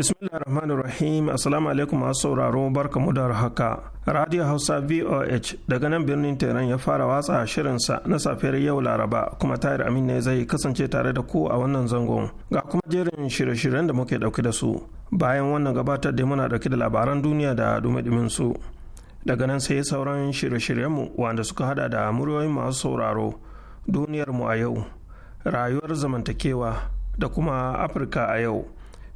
bismillah rahmanir rahim assalamu alaikum masu sauraro barka mu da haka radio hausa voh daga nan birnin tehran ya fara watsa shirinsa na safiyar yau laraba kuma tayar amin ne zai kasance tare da ku a wannan zangon ga kuma jerin shirye-shiryen da muke dauke da su bayan wannan gabatar da muna dauke da labaran duniya da dumi su daga nan sai sauran shirye-shiryenmu wanda suka hada da muryoyin masu sauraro duniyarmu a yau rayuwar zamantakewa da kuma afirka a yau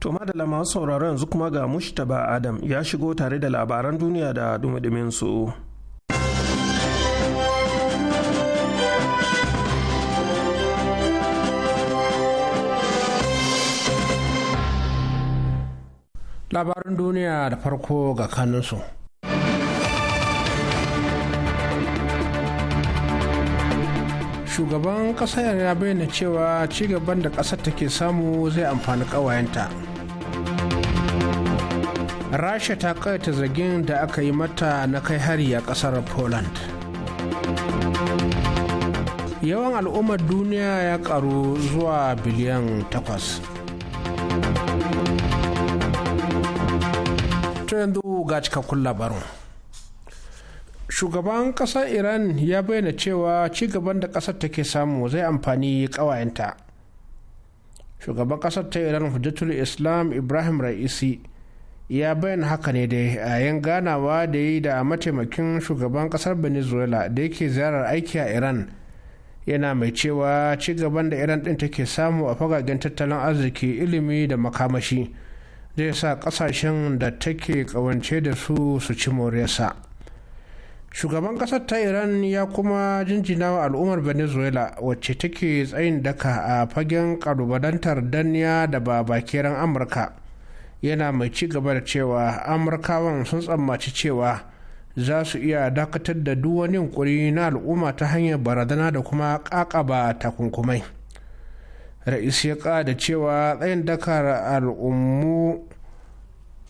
To madalla masu sauraro yanzu kuma ga Mushtaba Adam ya shigo tare da labaran duniya da dumi su. Labaran duniya da farko ga kanunsu. Shugaban ƙasar ya bayyana cewa cigaban da ƙasar take samu zai amfani ƙawayenta. rasha ta ta zargin da aka yi mata na kai hari a kasar poland yawan al'ummar duniya ya karu zuwa biliyan takwas. to yanzu ga cikakkun labarin shugaban kasar iran ya bayyana cewa ci gaban da kasar take samu zai amfani kawayenta shugaban kasar ta iran hujjatul islam ibrahim ra'isi ya bayyana haka ne dai a yan ganawa da yi da mataimakin shugaban kasar venezuela da yake ziyarar aiki a iran yana mai cewa ci gaban da iran din take samu a fagagen tattalin arziki ilimi da makamashi zai sa kasashen da take kawance da su su ci moriyarsa shugaban kasar ta iran ya kuma jinjina wa al'ummar venezuela wacce take tsayin daka a fagen kalubalantar danya da ba amurka yana mai ci gaba da cewa amurkawan sun tsammaci cewa za su iya dakatar da duk wani yunkuri na al'umma ta hanyar barazana da kuma kakaba takunkumai ra'is ya da cewa tsayin dakar al'ummu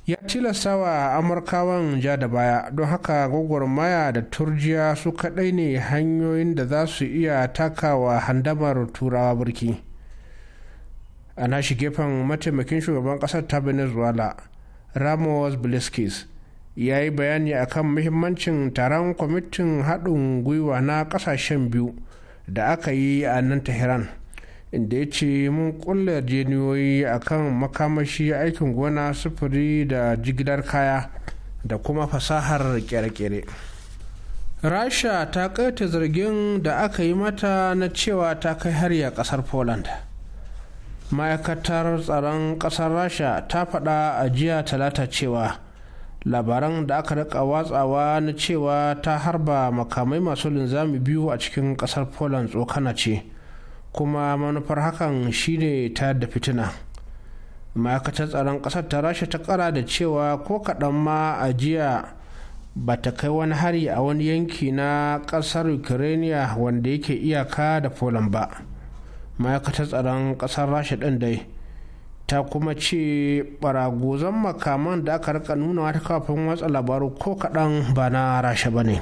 ya tilasta wa amurkawan ja da baya don haka gwagwarmaya da turjiya su kadai ne hanyoyin da za su iya takawa handamar turawa burki. a nashi gefen mataimakin shugaban ƙasar ta venezuela ramos bliskis ya yi bayani akan muhimmancin taron kwamitin haɗin gwiwa na ƙasashen biyu da aka yi a nan tehran inda ya ce mun kulle jeniyoyi akan makamashi aikin gona sufuri da jigilar kaya da kuma fasahar kere-kere rasha ta kaita zargin da aka yi mata na cewa ta kai har ya kasar poland ma'aikatar tsaron ƙasar rasha ta faɗa a jiya talata cewa labaran da aka rika watsawa na cewa ta harba makamai masu linzami biyu a cikin ƙasar poland tsokana ce kuma manufar hakan shine ta da fitina ma'aikatar tsaron ƙasar ta rasha ta ƙara da cewa ko kaɗan ma a jiya ba ta kai wani hari a wani yanki na ƙasar ukraine wanda yake iyaka da poland ba. ma'aikatar tsaron kasar rasha ɗin dai ta kuma ce baragozan makaman da aka rika nuna ta kafin watsa labaru ko kaɗan ba na rasha ba ne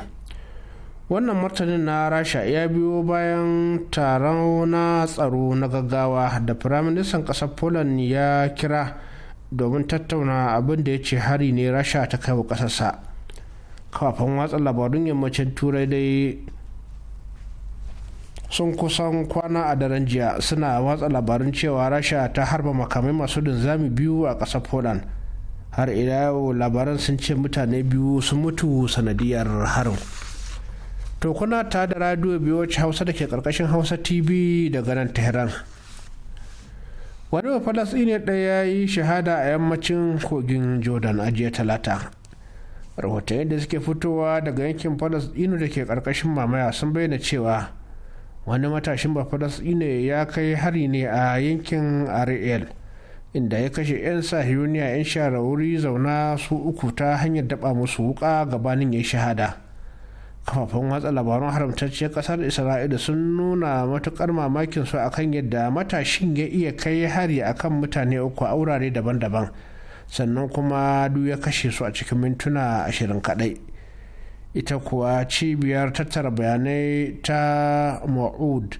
wannan martanin na rasha ya biyo bayan taron na tsaro na gaggawa da firaministan ƙasar poland ya kira domin tattauna abin da ya ce hari ne rasha ta kai wa ƙasarsa kafin watsa labarun yammacin turai dai sun kusan kwana a daren jiya suna watsa labarin cewa rasha ta harba makamai masu linzami biyu a ƙasar poland har ila yau labaran sun ce mutane biyu sun mutu sanadiyar harin to kuna ta da radio biyu hausa da ke ƙarƙashin hausa tv daga nan tehran wani ne ɗaya ya yi shahada a yammacin kogin jordan a jiya talata rahotanni da suke fitowa daga yankin falasɗinu da ke ƙarƙashin mamaya sun bayyana cewa wani matashin ne ya kai hari ne a yankin ariel inda ya kashe 'yan sahiyoniya 'yan shara wuri zauna su uku ta hanyar daba musu wuka gabanin ya shahada kafafen watsa labarun haramtacciyar kasar isra'ila sun nuna matukar mamakin su akan yadda matashin ya iya kai hari akan mutane uku a wurare daban-daban sannan kuma duk ya kashe su a cikin mintuna ashirin kadai ita kuwa cibiyar tattara bayanai ta ma'ud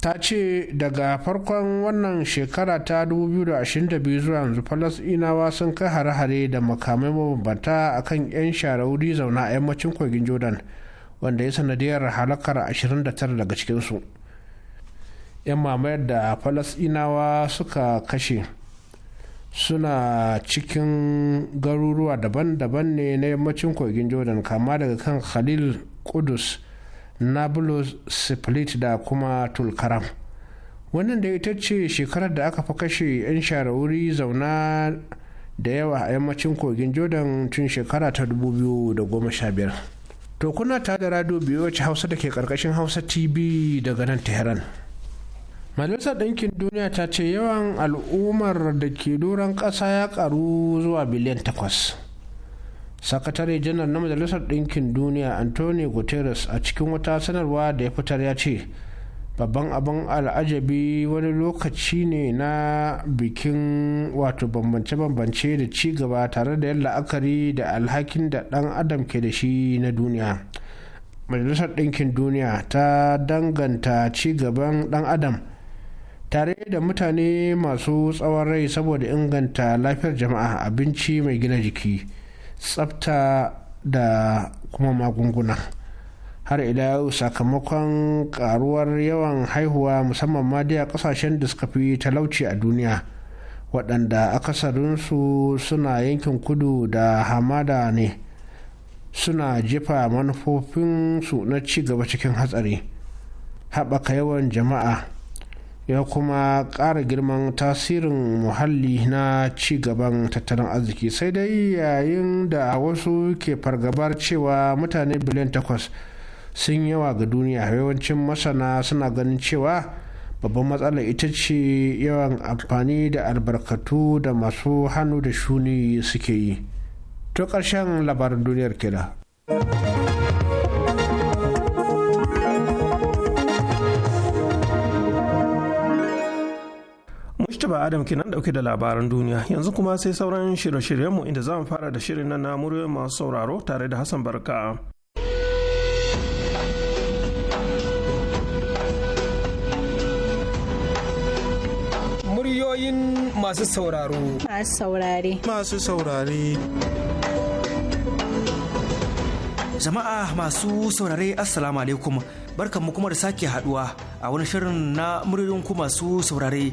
ta ce daga farkon wannan shekara ta 2022 zuwa yanzu falasinawa sun kai hare-hare da makamai mabambanta a kan 'yan wuri zauna a yammacin kogin jordan wanda ya sanadiyar halakar 29 daga cikinsu 'yan mamayar da falasinawa suka kashe suna cikin garuruwa daban-daban ne na yammacin kogin jordan kama daga kan khalil kudus nablus split da kuma tulkaram wannan da ita ce shekarar da aka fi kashe 'yan share zauna da yawa a yammacin kogin jordan tun shekara ta 2015 to kuna ta da rado biyu wacce hausa da ke karkashin hausa tv daga nan tehran majalisar ɗinkin duniya ta ce yawan al'ummar da ke doron ƙasa ya ƙaru zuwa biliyan takwas sakatare janar na majalisar ɗinkin duniya antonio guterres a cikin wata sanarwa da ya fitar ya ce babban abin al'ajabi wani lokaci ne na bikin wato bambance-bambance da ci gaba tare da yin la'akari da alhakin da ɗan adam ke da shi na duniya majalisar ɗinkin duniya ta danganta ci gaban ɗan adam tare da mutane masu tsawon rai saboda inganta lafiyar jama'a abinci mai gina jiki tsafta da kuma magunguna har ila yau sakamakon karuwar yawan haihuwa musamman ma dai a kasashen da suka fi talauci a duniya waɗanda akasarinsu suna yankin kudu da hamada ne suna jefa manufofinsu na ci gaba cikin hatsari haɓaka yawan jama'a ya kuma ƙara girman tasirin muhalli na ci gaban tattalin arziki sai dai yayin da wasu ke fargabar cewa mutane biliyan takwas sun yawa ga duniya yawancin masana suna ganin cewa babban matsala ita ce yawan amfani da albarkatu da masu hannu da shuni suke yi to ƙarshen labarin duniyar kira. Lashaba Adam nan dauke da labaran duniya yanzu kuma sai sauran shirye-shiryenmu inda za mu fara da shirin nan na muryoyin masu sauraro tare da Hassan Barka. Muryoyin masu sauraro. Masu saurare. Masu saurare. Jama'a masu saurare Assalamu alaikum barkanmu kuma da sake haduwa a wani shirin na muryoyin ku masu saurare.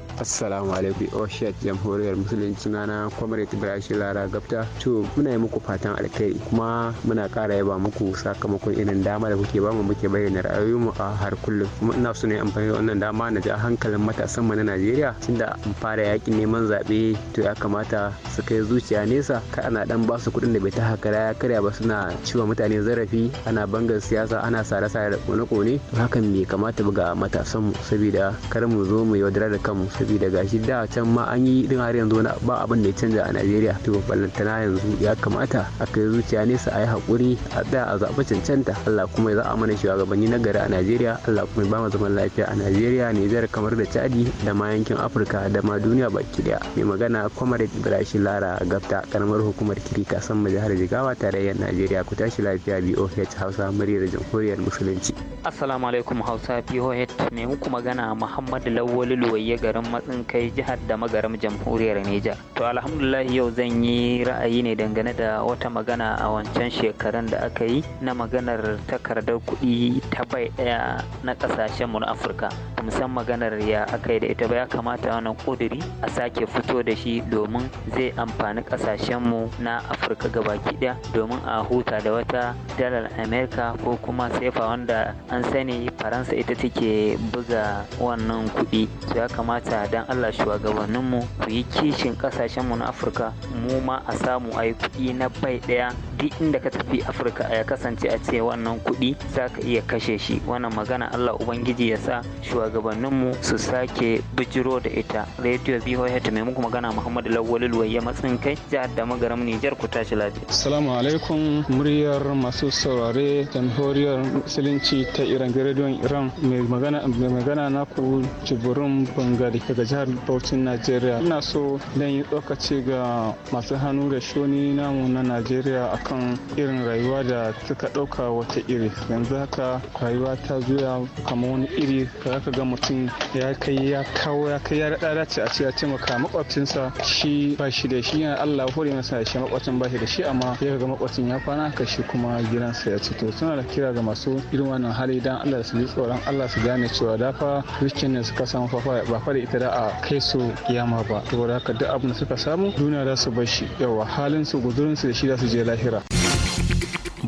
assalamu alaikum oshat jamhuriyar musulunci na comrade brashi lara gafta to muna yi muku fatan alkhairi kuma muna ƙara yaba muku sakamakon irin dama da kuke bamu muke bayyana mu a har kullum kuma ina so ne amfani da wannan dama na ja hankalin matasan mu na najeriya tunda an fara yakin neman zaɓe to ya kamata su kai zuciya nesa kar ana dan basu kuɗin da bai ta hakara ya karya ba suna ciwa mutane zarafi ana bangar siyasa ana sare-sare da kone-kone hakan bai kamata ba ga matasan mu saboda kar mu zo mu yaudara da kanmu saboda shi da can ma an yi din har yanzu ba abin da ya canza a najeriya to ballantana yanzu ya kamata a kai zuciya nesa a yi haƙuri a da a zaɓi cancanta allah kuma ya a mana shugabanni na gari a najeriya allah kuma ya ba mu zaman lafiya a najeriya nijar kamar da chadi da ma yankin afirka da ma duniya baki daya mai magana comrade ibrahim lara gafta karamar hukumar kirika san jihar jigawa tarayyar najeriya ku tashi lafiya boh hausa muryar jamhuriyar musulunci assalamu alaikum hausa boh mai muku magana muhammad lawal luwayye garin matsin kai jihar da magaram jamhuriyar Nijar. To alhamdulillah yau zan yi ra'ayi ne dangane da wata magana a wancan shekarun da aka yi na maganar takardar kuɗi ta bai ɗaya na ƙasashen mu na Afirka. Musamman maganar ya aka yi da ita ba ya kamata wannan ƙuduri a sake fito da shi domin zai amfani ƙasashen mu na Afirka gabaki ɗaya domin a huta da wata dalar Amerika ko kuma sefa wanda an sani Faransa ita take buga wannan kuɗi. To ya kamata don dan Allah shugabanninmu ku yi kishin kasashenmu na Afirka mu ma a samu a yi kuɗi na bai ɗaya duk inda ka tafi Afirka ya kasance a ce wannan kuɗi za ka iya kashe shi wannan magana Allah Ubangiji ya sa shugabanninmu su sake bijiro da ita Radio BOH mai muku magana Muhammadu Lawal Luwayya matsin kai jihar da magaram Nijar ku tashi lafiya. Assalamu alaikum muryar masu saurare jamhuriyar musulunci ta Iran Giradon Iran mai magana na ku Jibrin Bangare daga jihar Bauchin Najeriya. Ina so dan yi tsokaci ga masu hannu da shoni namu na Najeriya akan irin rayuwa da suka ɗauka wata iri. Yanzu haka rayuwa ta zuya kama wani iri za ka ga mutum ya kai ya kawo ya kai ya dace a ce ya maka makwabcinsa shi ba shi da shi yana Allah hore masa shi makwabcin ba shi da shi amma ya ga makwabcin ya kwana haka shi kuma gidansa ya ci to suna da kira ga masu irin wannan hali dan Allah su ji tsoron Allah su gane cewa dafa rikin ne suka samu fafa ba fa da ita da a kai su kiyama ba saboda haka duk abin da suka samu duniya za su bar shi yawa halin su guzurin su da shi za su je lahira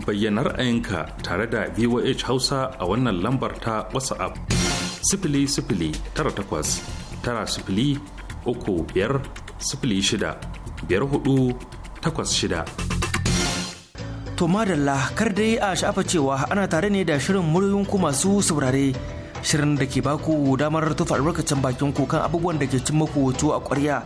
bayyana ra'ayinka tare da voh hausa a wannan lambar ta whatsapp sifili sifili tara takwas tara sifili uku biyar sifili shida biyar hudu takwas shida to madalla kar dai a sha'afa cewa ana tare ne da shirin muryoyinku masu saurare shirin da ke baku damar tufa albarkacin bakin ku kan abubuwan da ke cin maku wato a ƙwarya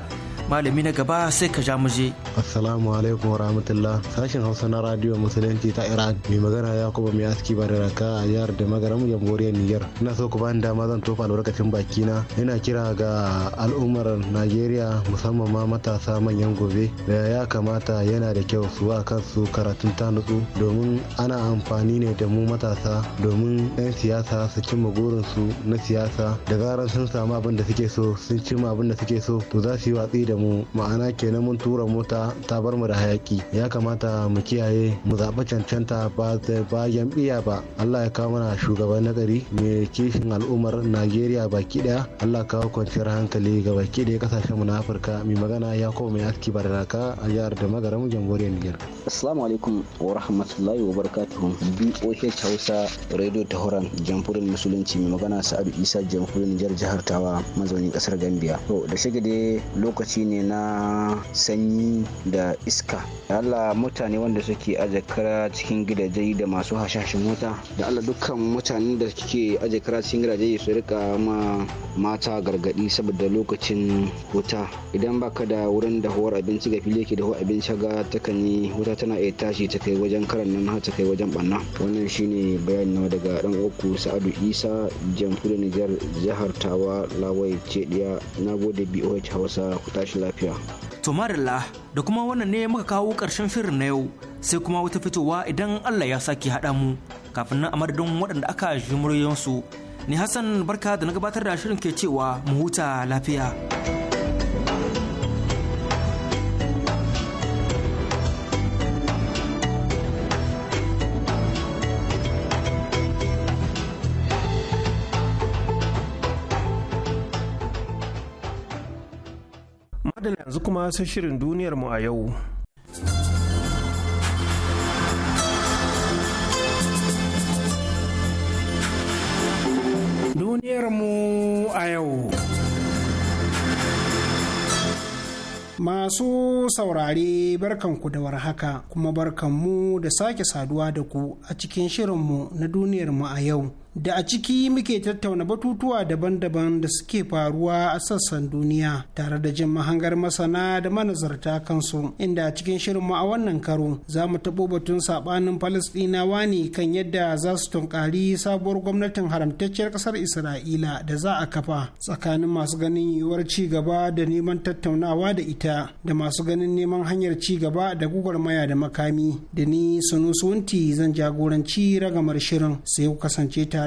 malami na gaba sai ka ja mu je assalamu alaikum warahmatullah sashen hausa na radio musulunci ta iran mai magana yakubu mai aski ba da raka a jihar da magaram jamhuriyar niger ina so ku bani dama zan tofa albarkacin bakina ina kira ga al'ummar najeriya musamman ma matasa manyan gobe da ya kamata yana da kyau su wa kansu karatun ta nutsu domin ana amfani ne da mu matasa domin 'yan siyasa su cimma burinsu na siyasa da zarar sun samu abin da suke so sun cimma abin da suke so to za su yi watsi da mu ma'ana kenan mun tura mota ta bar mu da hayaki ya kamata mu kiyaye mu zaɓi cancanta ba ta ba jam'iyya ba Allah ya kawo mana shugaban nagari mai kishin al'ummar Najeriya baki daya Allah kawo kwanciyar hankali ga baki daya kasashen mu na Afirka mai magana ya kuma mai aski barnaka a jihar da magaram jamhuriyar Niger Assalamu alaikum wa rahmatullahi wa barakatuhu BOH Hausa Radio Tahoran jamhuriyar musulunci mai magana Sa'adu Isa jamhuriyar Niger jihar Tawa mazaunin kasar Gambia to da shiga dai lokaci ne na sanyi da iska da Allah mutane wanda suke aje kara cikin gidajai da masu hashashin wuta da Allah dukkan mutanen da suke aje kara cikin gidaje su rika ma mata gargadi saboda lokacin wuta idan baka da wurin da huwar abinci ga fili yake da huwar abinci ga takan yi wuta tana iya tashi ta kai wajen karan nan har ta kai wajen banna wannan shine bayani na daga dan uku sa'adu isa jamhuriyar nijar jihar tawa lawai ce na nagode boh hausa ku tashi tashi lafiya. marilla da kuma wannan ne muka kawo ƙarshen shirin na yau sai kuma wata fitowa idan Allah ya sake haɗa mu kafin nan a madadin waɗanda aka ji muryoyinsu. Ni Hassan barka da na gabatar da shirin ke cewa mu huta lafiya. adana yanzu kuma sai shirin duniyar mu a yau duniyar mu a yau Masu saurare barkanku da warhaka kuma barkanmu da sake saduwa da ku a cikin shirin mu na duniyarmu a yau. da a ciki muke tattauna batutuwa daban-daban da suke faruwa a sassan duniya tare da jin mahangar masana da manazarta kansu inda a cikin shirinmu a wannan karo za mu taɓo batun saɓanin Falasɗinawa ne kan yadda za su tunkari sabuwar gwamnatin haramtacciyar ƙasar isra'ila da za a kafa tsakanin masu ganin yiwuwar ci gaba da neman tattaunawa da ita da masu ganin neman hanyar ci gaba da gwagwarmaya da makami da ni sunusunti zan jagoranci ragamar shirin sai ku kasance tare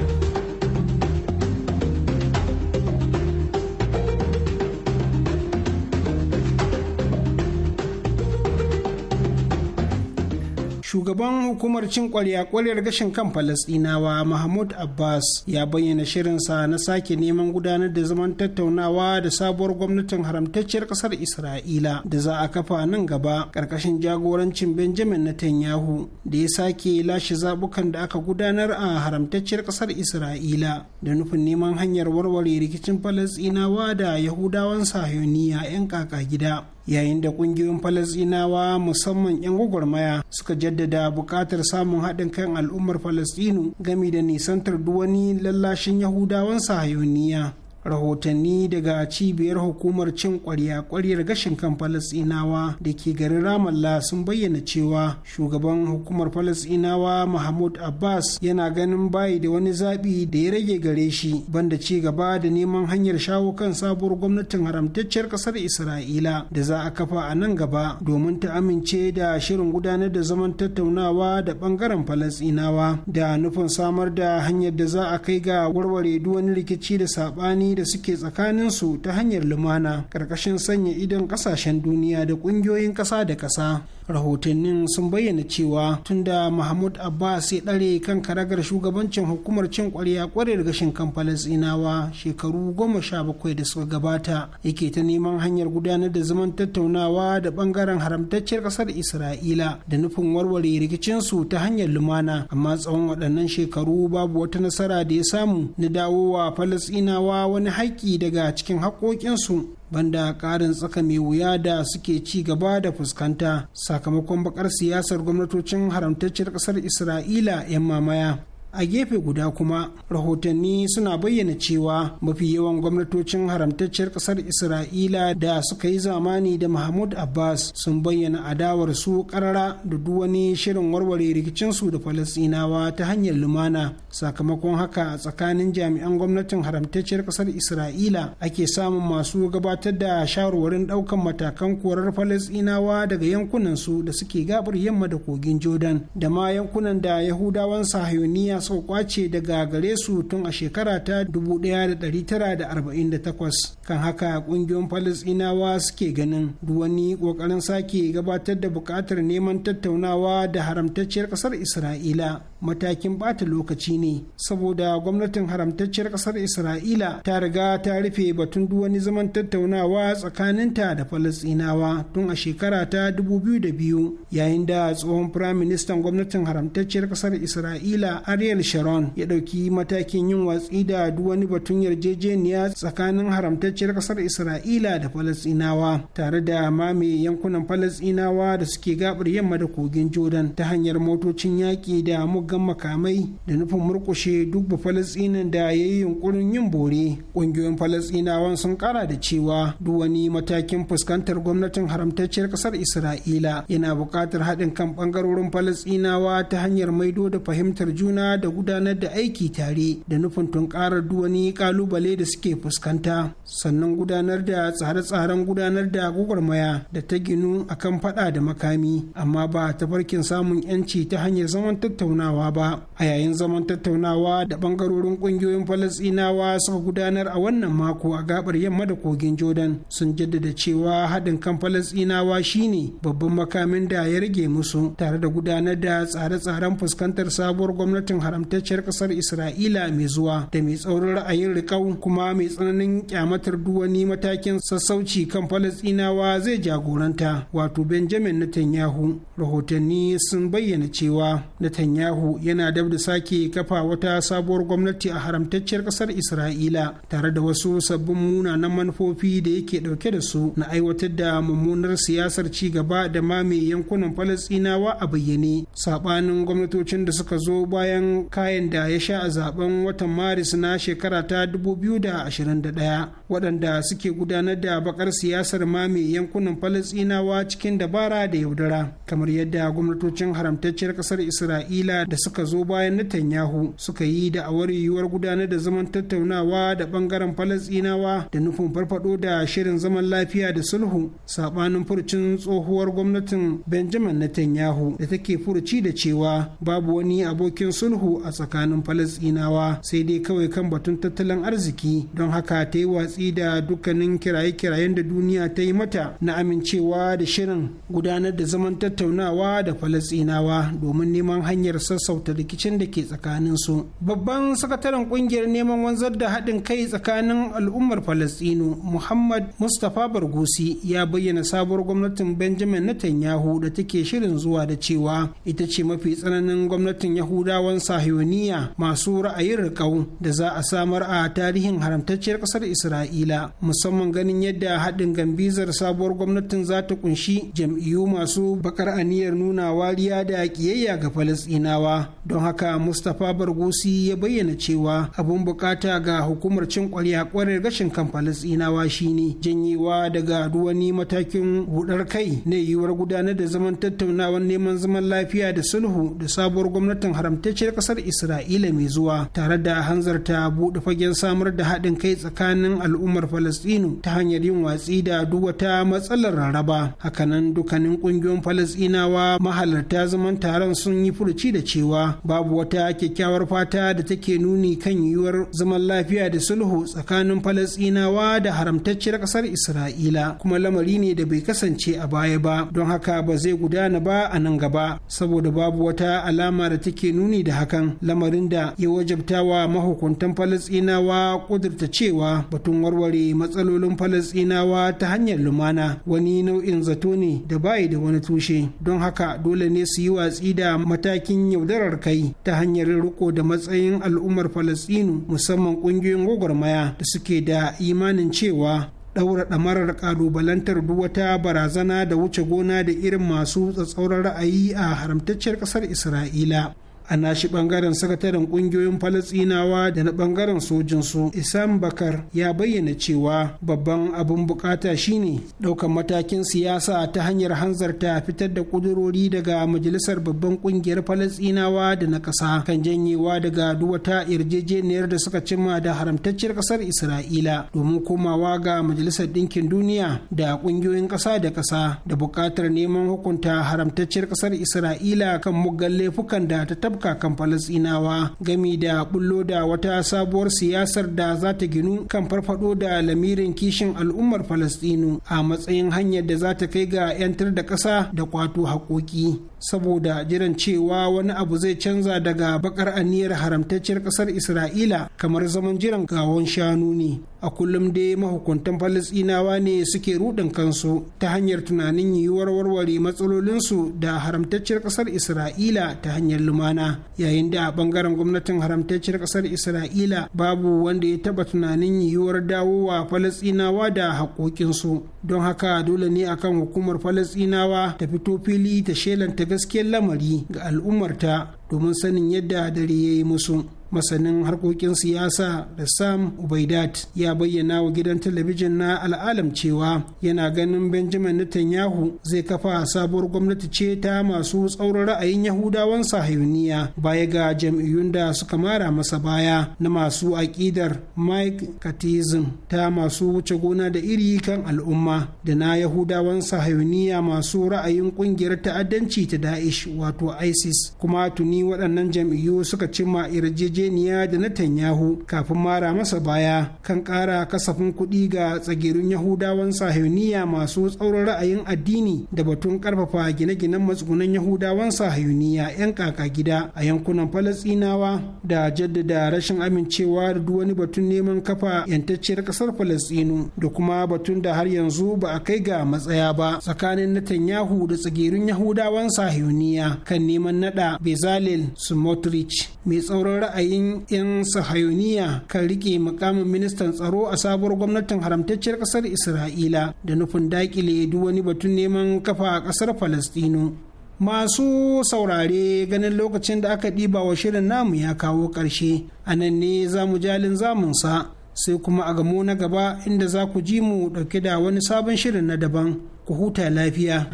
hukumar cin kwarya kwaryar gashin kan falasɗinawa mahmud abbas ya bayyana shirinsa na sake neman gudanar da zaman tattaunawa da sabuwar gwamnatin haramtacciyar kasar isra'ila da za a kafa nan gaba ƙarƙashin jagorancin benjamin netanyahu da ya sake lashe zabukan da aka gudanar a haramtacciyar kasar isra'ila da nufin neman hanyar warware rikicin falasɗinawa da yahudawan sahiyoniya 'yan kaka gida yayin da kungiyoyin falasdinawa musamman 'yan gwagwarmaya suka jaddada buƙatar samun haɗin kan al'ummar falasdinu gami da nisantar duwani lallashin yahudawan sahayoniya rahotanni daga cibiyar hukumar cin kwarya kwaryar gashin kan falasinawa da ke garin ramallah sun bayyana cewa shugaban hukumar falasinawa mahmud abbas yana ganin bayi da wani zaɓi da ya rage gare shi banda ci gaba da neman hanyar shawo kan sabuwar gwamnatin haramtacciyar ƙasar isra'ila da za a kafa a nan gaba domin ta amince da shirin gudanar da zaman tattaunawa da ɓangaren falasinawa da nufin samar da hanyar da za a kai ga warware duk wani rikici da saɓani da suke tsakanin su ta hanyar lumana ƙarƙashin sanya idon ƙasashen duniya da ƙungiyoyin ƙasa da ƙasa rahotannin sun bayyana cewa tunda mahmud abbas ya ɗare kan karagar shugabancin hukumar cin kwarya kwarar gashin kan falastinawa shekaru goma sha bakwai da suka gabata yake ta neman hanyar gudanar da zaman tattaunawa da bangaren haramtacciyar ƙasar isra'ila da nufin warware rikicinsu ta hanyar lumana amma tsawon waɗannan shekaru babu wata nasara da ya samu na dawowa falasɗinawa wani haƙƙi daga cikin haƙƙoƙinsu banda karin tsaka mai wuya da suke ci gaba da fuskanta sakamakon bakar siyasar gwamnatocin haramtacciyar kasar isra'ila 'yan mamaya a gefe guda kuma rahotanni suna bayyana cewa mafi yawan gwamnatocin haramtacciyar kasar isra'ila da suka yi zamani da mahmud abbas sun bayyana adawar su karara da duwani shirin warware rikicinsu da falasinawa ta hanyar lumana sakamakon haka a tsakanin jami'an gwamnatin haramtacciyar kasar isra'ila ake samun masu gabatar da shawarwarin ɗaukan matakan korar falasinawa daga yankunan su da suke gabar yamma da kogin jordan da ma yankunan da yahudawan sahiyoniya sau kwace daga gare su tun a shekara ta 1948 kan haka kungiyoyin falasinawa suke ganin wani kokarin sake gabatar da bukatar neman tattaunawa da haramtacciyar kasar isra'ila matakin bata lokaci ne saboda gwamnatin haramtacciyar kasar isra'ila ta riga ta rufe batun duk wani zaman tattaunawa tsakaninta da falastinawa tun a shekara ta 2002 yayin da tsohon firaministan gwamnatin haramtacciyar kasar isra'ila ariel sharon ya ɗauki matakin yin watsi da duk wani batun yarjejeniya tsakanin haramtacciyar kasar isra'ila da falastinawa tare da mame yankunan falastinawa da suke gabar yamma da kogin jordan ta hanyar motocin yaƙi da mugga gan makamai da nufin murkushe duk bafalasɗinan da ya yi yunkurin yin bore ƙungiyoyin falastinawa sun kara da cewa duk wani matakin fuskantar gwamnatin haramtacciyar ƙasar isra'ila yana buƙatar haɗin kan ɓangarorin falasɗinawa ta hanyar maido da fahimtar juna da gudanar da aiki tare da nufin tunkarar duk wani ƙalubale da suke fuskanta sannan gudanar da tsare-tsaren gudanar da gwagwarmaya da ta ginu akan faɗa da makami amma ba ta tafarkin samun 'yanci ta hanyar zaman tattaunawa tattaunawa ba a yayin zaman tattaunawa da bangarorin ƙungiyoyin falasinawa suka gudanar a wannan mako a gabar yamma da kogin jordan sun jaddada cewa haɗin kan falasinawa shine babban makamin da ya rage musu tare da gudanar da tsare-tsaren fuskantar sabuwar gwamnatin haramtacciyar ƙasar isra'ila mai zuwa da mai tsaurin ra'ayin riƙau kuma mai tsananin kyamatar duwani matakin sassauci kan falasinawa zai jagoranta wato benjamin netanyahu rahotanni sun bayyana cewa netanyahu yana dab da sake kafa wata sabuwar gwamnati a haramtacciyar kasar Isra'ila tare da wasu sabbin munanan manufofi da yake dauke da su na aiwatar da mummunar siyasar ci gaba da mame yankunan Falasɗinawa a bayyane saɓanin gwamnatocin da suka zo bayan kayan da ya sha a zaben watan Maris na shekara ta 2021 waɗanda suke gudanar da bakar siyasar mame yankunan Falasɗinawa cikin dabara da yaudara kamar yadda gwamnatocin haramtacciyar kasar Isra'ila da suka zo bayan Netanyahu suka yi da yiwuwar gudanar da zaman tattaunawa da bangaren Falasɗinawa da nufin farfado da shirin zaman lafiya da sulhu sabanin furcin tsohuwar gwamnatin Benjamin Netanyahu da take furci da cewa babu wani abokin sulhu a tsakanin Falasɗinawa sai dai kawai kan batun tattalin arziki don haka ta yi watsi da dukkanin kiraye-kirayen da duniya ta yi mata na amincewa da shirin gudanar da zaman tattaunawa da Falasɗinawa domin neman hanyar sassa sassauta rikicin da ke tsakanin su babban sakataren kungiyar neman wanzar da haɗin kai tsakanin al'ummar falastinu muhammad mustapha bargusi ya bayyana sabuwar gwamnatin benjamin netanyahu da take shirin zuwa da cewa ita ce mafi tsananin gwamnatin yahudawan sahiyoniya masu ra'ayin rikau da za a samar a tarihin haramtacciyar ƙasar isra'ila musamman ganin yadda haɗin gambizar sabuwar gwamnatin za ta kunshi jam'iyyu masu baƙar aniyar nuna wariya da ƙiyayya ga falasɗinawa don haka mustapha bargusi ya bayyana cewa abun bukata ga hukumar cin kwarya kwarar gashin kan falastinawa shine janyewa daga duwani matakin hudar kai na yiwuwar gudanar da zaman tattaunawar neman zaman lafiya da sulhu da sabuwar gwamnatin haramtacciyar kasar isra'ila mai zuwa tare da hanzarta buɗe fagen samar da haɗin kai tsakanin al'ummar falastinu ta hanyar yin watsi da duk wata matsalar raraba hakanan dukkanin ƙungiyoyin falastinawa mahalarta zaman taron sun yi furuci da cewa cewa babu wata kyakkyawar fata da take nuni kan yiwuwar zaman lafiya da sulhu tsakanin falasinawa da haramtacciyar ƙasar isra'ila kuma lamari ne da bai kasance a baya ba don haka ba zai gudana ba a nan gaba saboda babu wata alama da take nuni da hakan lamarin da ya wajabta wa mahukuntan falasinawa kudurta cewa batun warware matsalolin falasinawa ta hanyar lumana wani nau'in zato ne da bayi da wani tushe don haka dole ne su yi watsi da matakin yaudar yaudarar kai ta hanyar riko da matsayin al'ummar falastinu musamman ƙungiyoyin gwagwarmaya da suke da imanin cewa ɗaura ɗamarar ƙalubalantar wata barazana da wuce gona da irin masu tsatsauran ra'ayi a haramtacciyar ƙasar isra'ila a nashi bangaren sakataren kungiyoyin falasinawa da na bangaren sojinsu isam bakar ya bayyana cewa babban abin bukata shine daukan matakin siyasa ta hanyar hanzarta fitar da kudurori daga majalisar babban kungiyar falasinawa da na kasa kan janyewa daga duwata yarjejeniyar da suka cimma da haramtacciyar kasar isra'ila domin komawa ga majalisar ɗinkin duniya da kungiyoyin ƙasa da ƙasa da buƙatar neman hukunta haramtacciyar kasar isra'ila kan muggan laifukan da ta tab ɗauka kan gami da bullo da wata sabuwar siyasar da za ta ginu kan farfado da lamirin kishin al'ummar falasɗinu a matsayin hanyar da za ta kai ga 'yantar da ƙasa da kwato haƙoƙi saboda jiran cewa wani abu zai canza daga bakar aniyar haramtacciyar kasar isra'ila kamar zaman jiran gawon shanu ne a kullum dai mahukuntan falisdinawa ne suke rudin kansu ta hanyar tunanin yiwuwar warware matsalolinsu da haramtacciyar kasar isra'ila ta hanyar lumana yayin da a bangaren gwamnatin haramtacciyar kasar isra'ila babu wanda ya taba tunanin yiwuwar dawowa falisdinawa da haƙoƙinsu don haka dole ne akan hukumar falisdinawa ta fito fili ta shelanta gaskiyar lamari ga al'ummarta domin sanin yadda dare ya yi musu masanin harkokin siyasa da sam ubaidat ya bayyana wa gidan talabijin na al'alam cewa yana ganin benjamin netanyahu zai kafa sabuwar gwamnati ce ta masu tsaurin ra'ayin yahudawan sahayuniya baya ga jam'iyyun da suka mara masa baya na masu aƙidar mike katizm ta masu wuce gona da iri kan al'umma da na yahudawan sahayuniya masu ra'ayin ƙungiyar ta'addanci ta da'ish wato isis kuma tuni waɗannan jam'iyyu suka cimma yarjejeniya yarjejeniya da Netanyahu kafin mara masa baya kan ƙara kasafin kuɗi ga tsagerun Yahudawan sahiyoniya masu tsauran ra'ayin addini da batun ƙarfafa gine-ginen matsugunan Yahudawan sahiyoniya 'yan kaka gida a yankunan Falasɗinawa da jaddada rashin amincewa da duk wani batun neman kafa 'yantacciyar ƙasar Falasɗinu da kuma batun da har yanzu ba a kai ga matsaya ba tsakanin Netanyahu da tsagerun Yahudawan sahiyoniya kan neman naɗa Bezalel Smotrich mai tsauran ra'ayi in 'yan sahayoniya kan rike mukamin ministan tsaro a sabuwar gwamnatin haramtacciyar kasar isra'ila da nufin dakile duk wani batun neman kafa a kasar falastino masu saurare ganin lokacin da aka ɗiba wa shirin namu ya kawo ƙarshe a nan ne za mu jalin zamunsa sai kuma a gamo na gaba inda za ku ji mu ɗauke da wani sabon shirin na daban ku huta lafiya.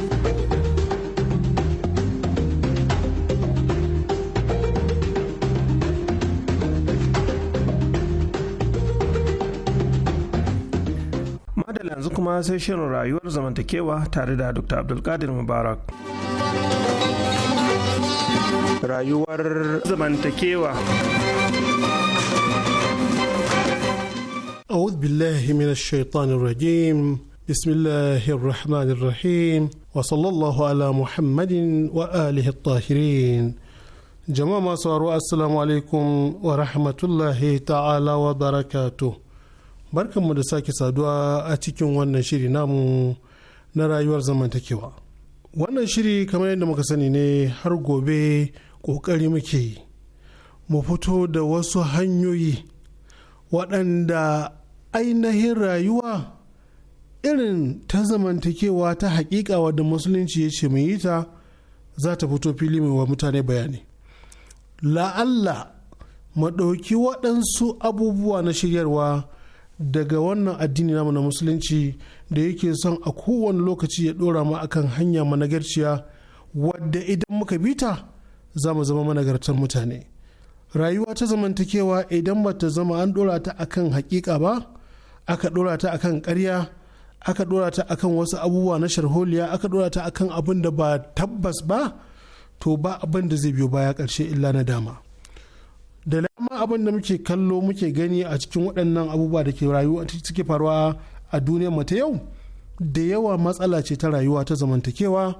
kuma sai shirin rayuwar zamantakewa tare da Dr. Abdulkadir Mubarak. Rayuwar zamantakewa. أعوذ بالله من الشيطان الرجيم بسم الله الرحمن الرحيم وصلى الله على محمد وآله الطاهرين جماعة صاروا السلام عليكم ورحمة الله تعالى وبركاته barkanmu da sake saduwa a cikin wannan shiri namu na rayuwar zamantakewa wannan shiri kamar yadda muka sani ne har gobe ƙoƙari muke yi mu fito da wasu hanyoyi waɗanda ainihin rayuwa irin ta zamantakewa ta haƙiƙa wadda musulunci ya ce mu yi ta za ta fito fili mai wa mutane bayani la'alla mu ɗauki waɗansu abubuwa na shiryarwa daga wannan addini namu na musulunci da yake son a kowane lokaci ya dora mu akan hanya managarciya wadda idan muka bita za mu zama managartar mutane rayuwa ta zamantakewa idan ba ta zama an dora ta akan hakika ba aka dora ta akan karya aka dora ta akan wasu abubuwa na sharholiya aka dora ta akan abin da ba tabbas ba to ba abin da zai biyo baya ƙarshe illa na dama abin da muke kallo muke gani a cikin waɗannan abubuwa da ke rayuwa suke faruwa a duniyar mu ta yau da yawa matsala ce ta rayuwa ta zamantakewa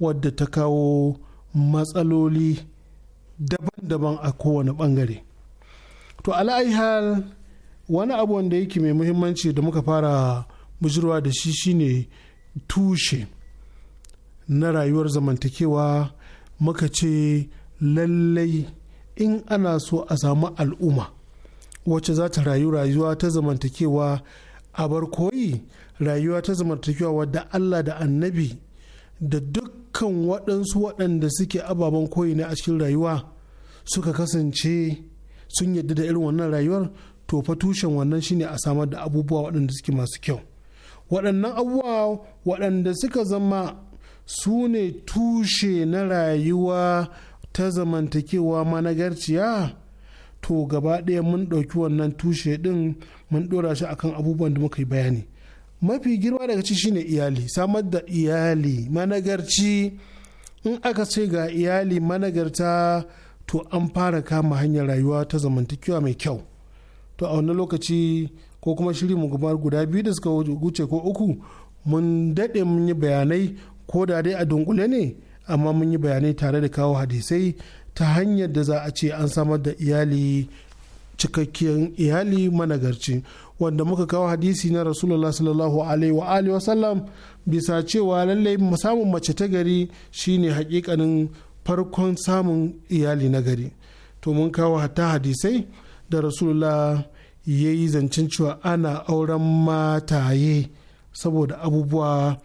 wadda ta kawo matsaloli daban-daban a kowane bangare to hal wani abu wanda yake mai muhimmanci da muka fara bujirwa da shi shine tushe na rayuwar zamantakewa muka ce lallai in ana so a samu al'umma wacce za ta rayu rayuwa ta zamantakewa a bar koyi rayuwa ta zamantakewa wadda Allah da annabi da dukkan waɗansu waɗanda suke ababen koyi na a cikin rayuwa suka kasance sun yadda da irin wannan rayuwar to fa tushen wannan shine a samar da abubuwa waɗanda suke masu kyau waɗannan abubuwa waɗanda suka zama su ne tushe na rayuwa ta zamantakewa managarciya to gaba ɗaya mun ɗauki wannan tushe ɗin mun ɗora shi akan abubuwan da muka yi bayani mafi girma daga ci shine iyali samar da iyali managarci in aka ce ga iyali managarta to an fara kama hanyar rayuwa ta zamantakewa mai kyau to a wannan lokaci ko kuma shiri mu guda biyu da suka wuce ko uku mun daɗe mun yi bayanai ko da dai a dunkule ne amma mun yi bayanai tare da kawo hadisai ta hanyar da za a ce an samar da iyali cikakkiyar iyali managarci wanda muka kawo hadisi na rasulullah sallallahu alaihi wa alihi wasallam bisa cewa lallai samun mace ta gari shine hakikanin farkon samun iyali na gari to mun kawo hatta hadisai da rasulullah ya yi zancen cewa ana auren mataye saboda abubuwa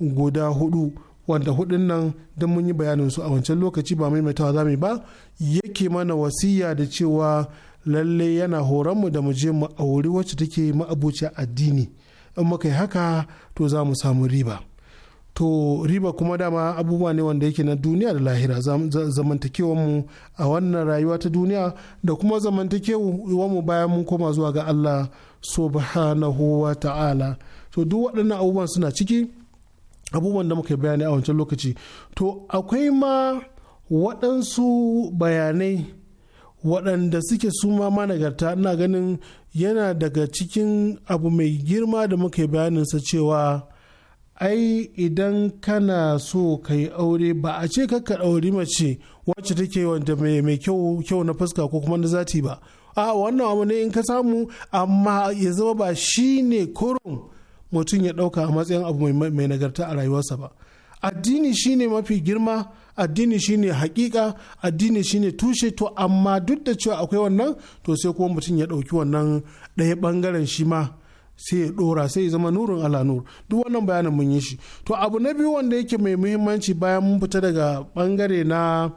guda hudu wanda hudun nan don mun yi bayanin su a wancan lokaci ba maimaitawa za mu ba yake mana wasiya da cewa lalle yana horon mu da mu je mu auri wacce take ma'abuciya addini in muka yi haka to za mu samu riba to riba kuma dama abubuwa ne wanda yake na duniya da lahira zamantakewar mu a wannan rayuwa ta duniya da kuma zamantakewar mu bayan mun koma zuwa ga Allah subhanahu wa ta'ala to duk waɗannan abubuwan suna ciki abubuwan da muka bayani a wancan lokaci to akwai ma waɗansu bayanai waɗanda suke suma ma nagarta ina ganin yana daga cikin abu mai girma da muka sa cewa ai idan kana so ka yi aure ba a ce ka ɗauri mace wacce take wanda mai kyau na fuska ko kuma na zati ba a wannan abu ne in ka samu amma ya zama ba shi ne kurum mutum ya ɗauka a matsayin abu mai nagarta a rayuwarsa ba addini shine mafi girma addini shine hakika addini shine tushe to amma duk da cewa akwai wannan to sai kuma mutum ya ɗauki wannan ɗaya ɓangaren shi ma sai ya ɗora sai ya zama nurin ala nur duk wannan bayanin mun yi shi to abu na biyu wanda yake mai muhimmanci bayan mun fita daga ɓangare na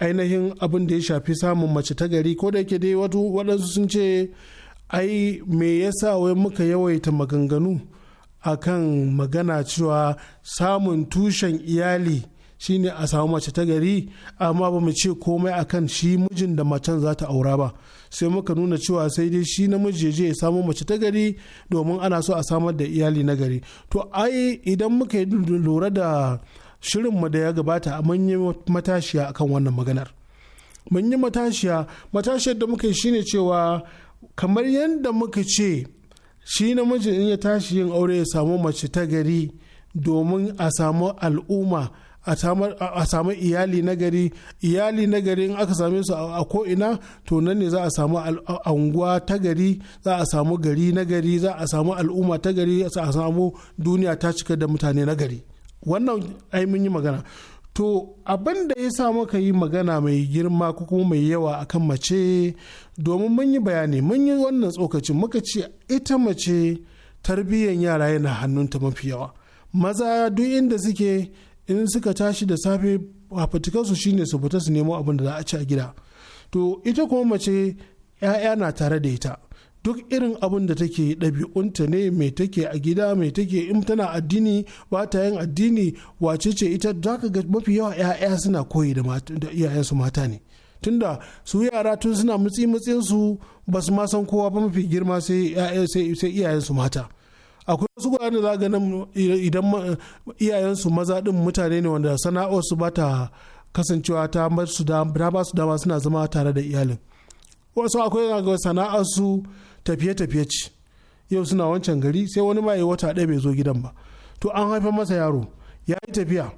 ainihin abin da ya shafi samun mace ta gari ko da yake dai wadansu sun ce ai me yasa wai muka yawaita maganganu a kan magana cewa samun tushen iyali shine a samu mace ta gari amma ba mu ce komai akan shi mijin da macen za ta aura ba sai muka nuna cewa sai dai shi namiji je ya samu mace ta gari domin ana so a samar da iyali na gari to ai idan muka yi lura da shirinmu da ya gabata a yi matashiya akan wannan maganar mun matashiya matashiyar da muka yi shine cewa kamar yadda muka ce shi namijin in ya tashi yin aure ya samu mace ta gari domin a samu al'umma a samu iyali na gari iyali na gari in aka same su a ko'ina to nan ne za a samu anguwa ta gari za a samu gari na gari za a samu al'umma ta gari za a samu duniya ta cika da mutane na gari wannan ai mun yi magana to abin da ya sa muka yi magana mai girma ko kuma mai yawa akan mace domin mun yi bayani mun yi wannan tsokacin muka ce ita mace tarbiyyar yara yana hannunta mafi yawa maza duk inda suke in suka tashi da safe su shine su fita su nemo abin da za a ci a gida to ita kuma mace 'ya'ya na tare da ita duk irin abin da take ɗabi'unta ne mai take a gida mai take in tana addini ba ta yin addini wace ce ita za ka ga mafi yawa 'ya'ya suna koyi da iyayensu mata ne tunda su yara tun suna mutsi mutsin su ba su ma san kowa ba mafi girma sai iyayensu mata akwai wasu gwanin da za nan idan iyayensu maza din mutane ne wanda sana'arsu ba ta kasancewa ta ba dama suna zama tare da iyalin wasu akwai ga su. tafiye-tafiye ce yau suna wancan gari sai wani ma wata ɗaya bai zo gidan ba to an haifa masa yaro ya yi tafiya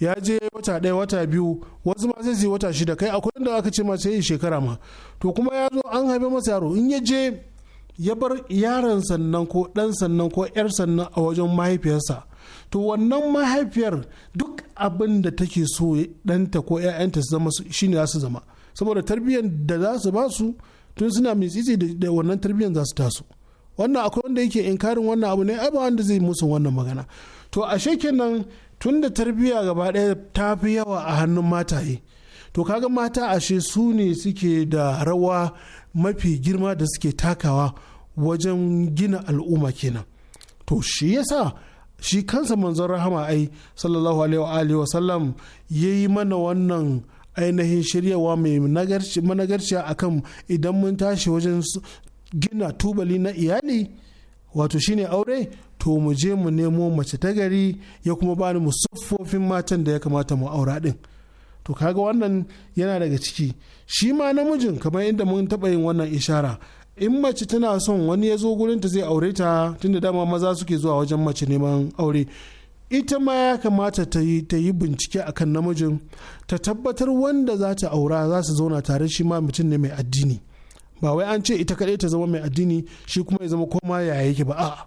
ya je wata ɗaya wata biyu wasu ma sai su wata shida kai akwai inda aka ce ma sai yi shekara ma to kuma ya zo an haifa masa yaro in ya je ya bar yaron sannan ko ɗan sannan ko ‘yar sannan a wajen mahaifiyarsa to wannan mahaifiyar duk abin da take so ɗanta ko ‘ya'yanta su zama shine za su zama saboda tarbiyyar da za su ba su tun suna mitsitsi da wannan tarbiyyar za su taso wannan akwai wanda yake inkarin wannan abu ne ai ba wanda zai musu wannan magana to a ashe nan tun da tarbiyya gaba ɗaya ta fi yawa a hannun mataye to kaga mata ashe su ne suke da rawa mafi girma da suke takawa wajen gina al'umma kenan to shi yasa shi kansa manzon rahama ai sallallahu alaihi wa sallam yayi mana wannan ainihin shiryawa mai managarciya akan idan mun tashi wajen gina tubali na iyali wato shine aure to mu je mu nemo mace ta gari ya kuma bani mu siffofin matan da ya kamata mu aura din to kaga wannan yana daga ciki shi ma namijin kamar inda mun taɓa yin wannan ishara in mace tana son wani ya zo gurinta zai aure ta tunda dama maza suke zuwa wajen mace neman aure ita ma ya kamata ta yi ta yi bincike akan namijin ta tabbatar wanda za ta aura za su zauna tare shi ma mutum ne mai addini ba wai an ce ita kaɗai ta zama mai addini shi kuma ya zama koma ya yake ba a'a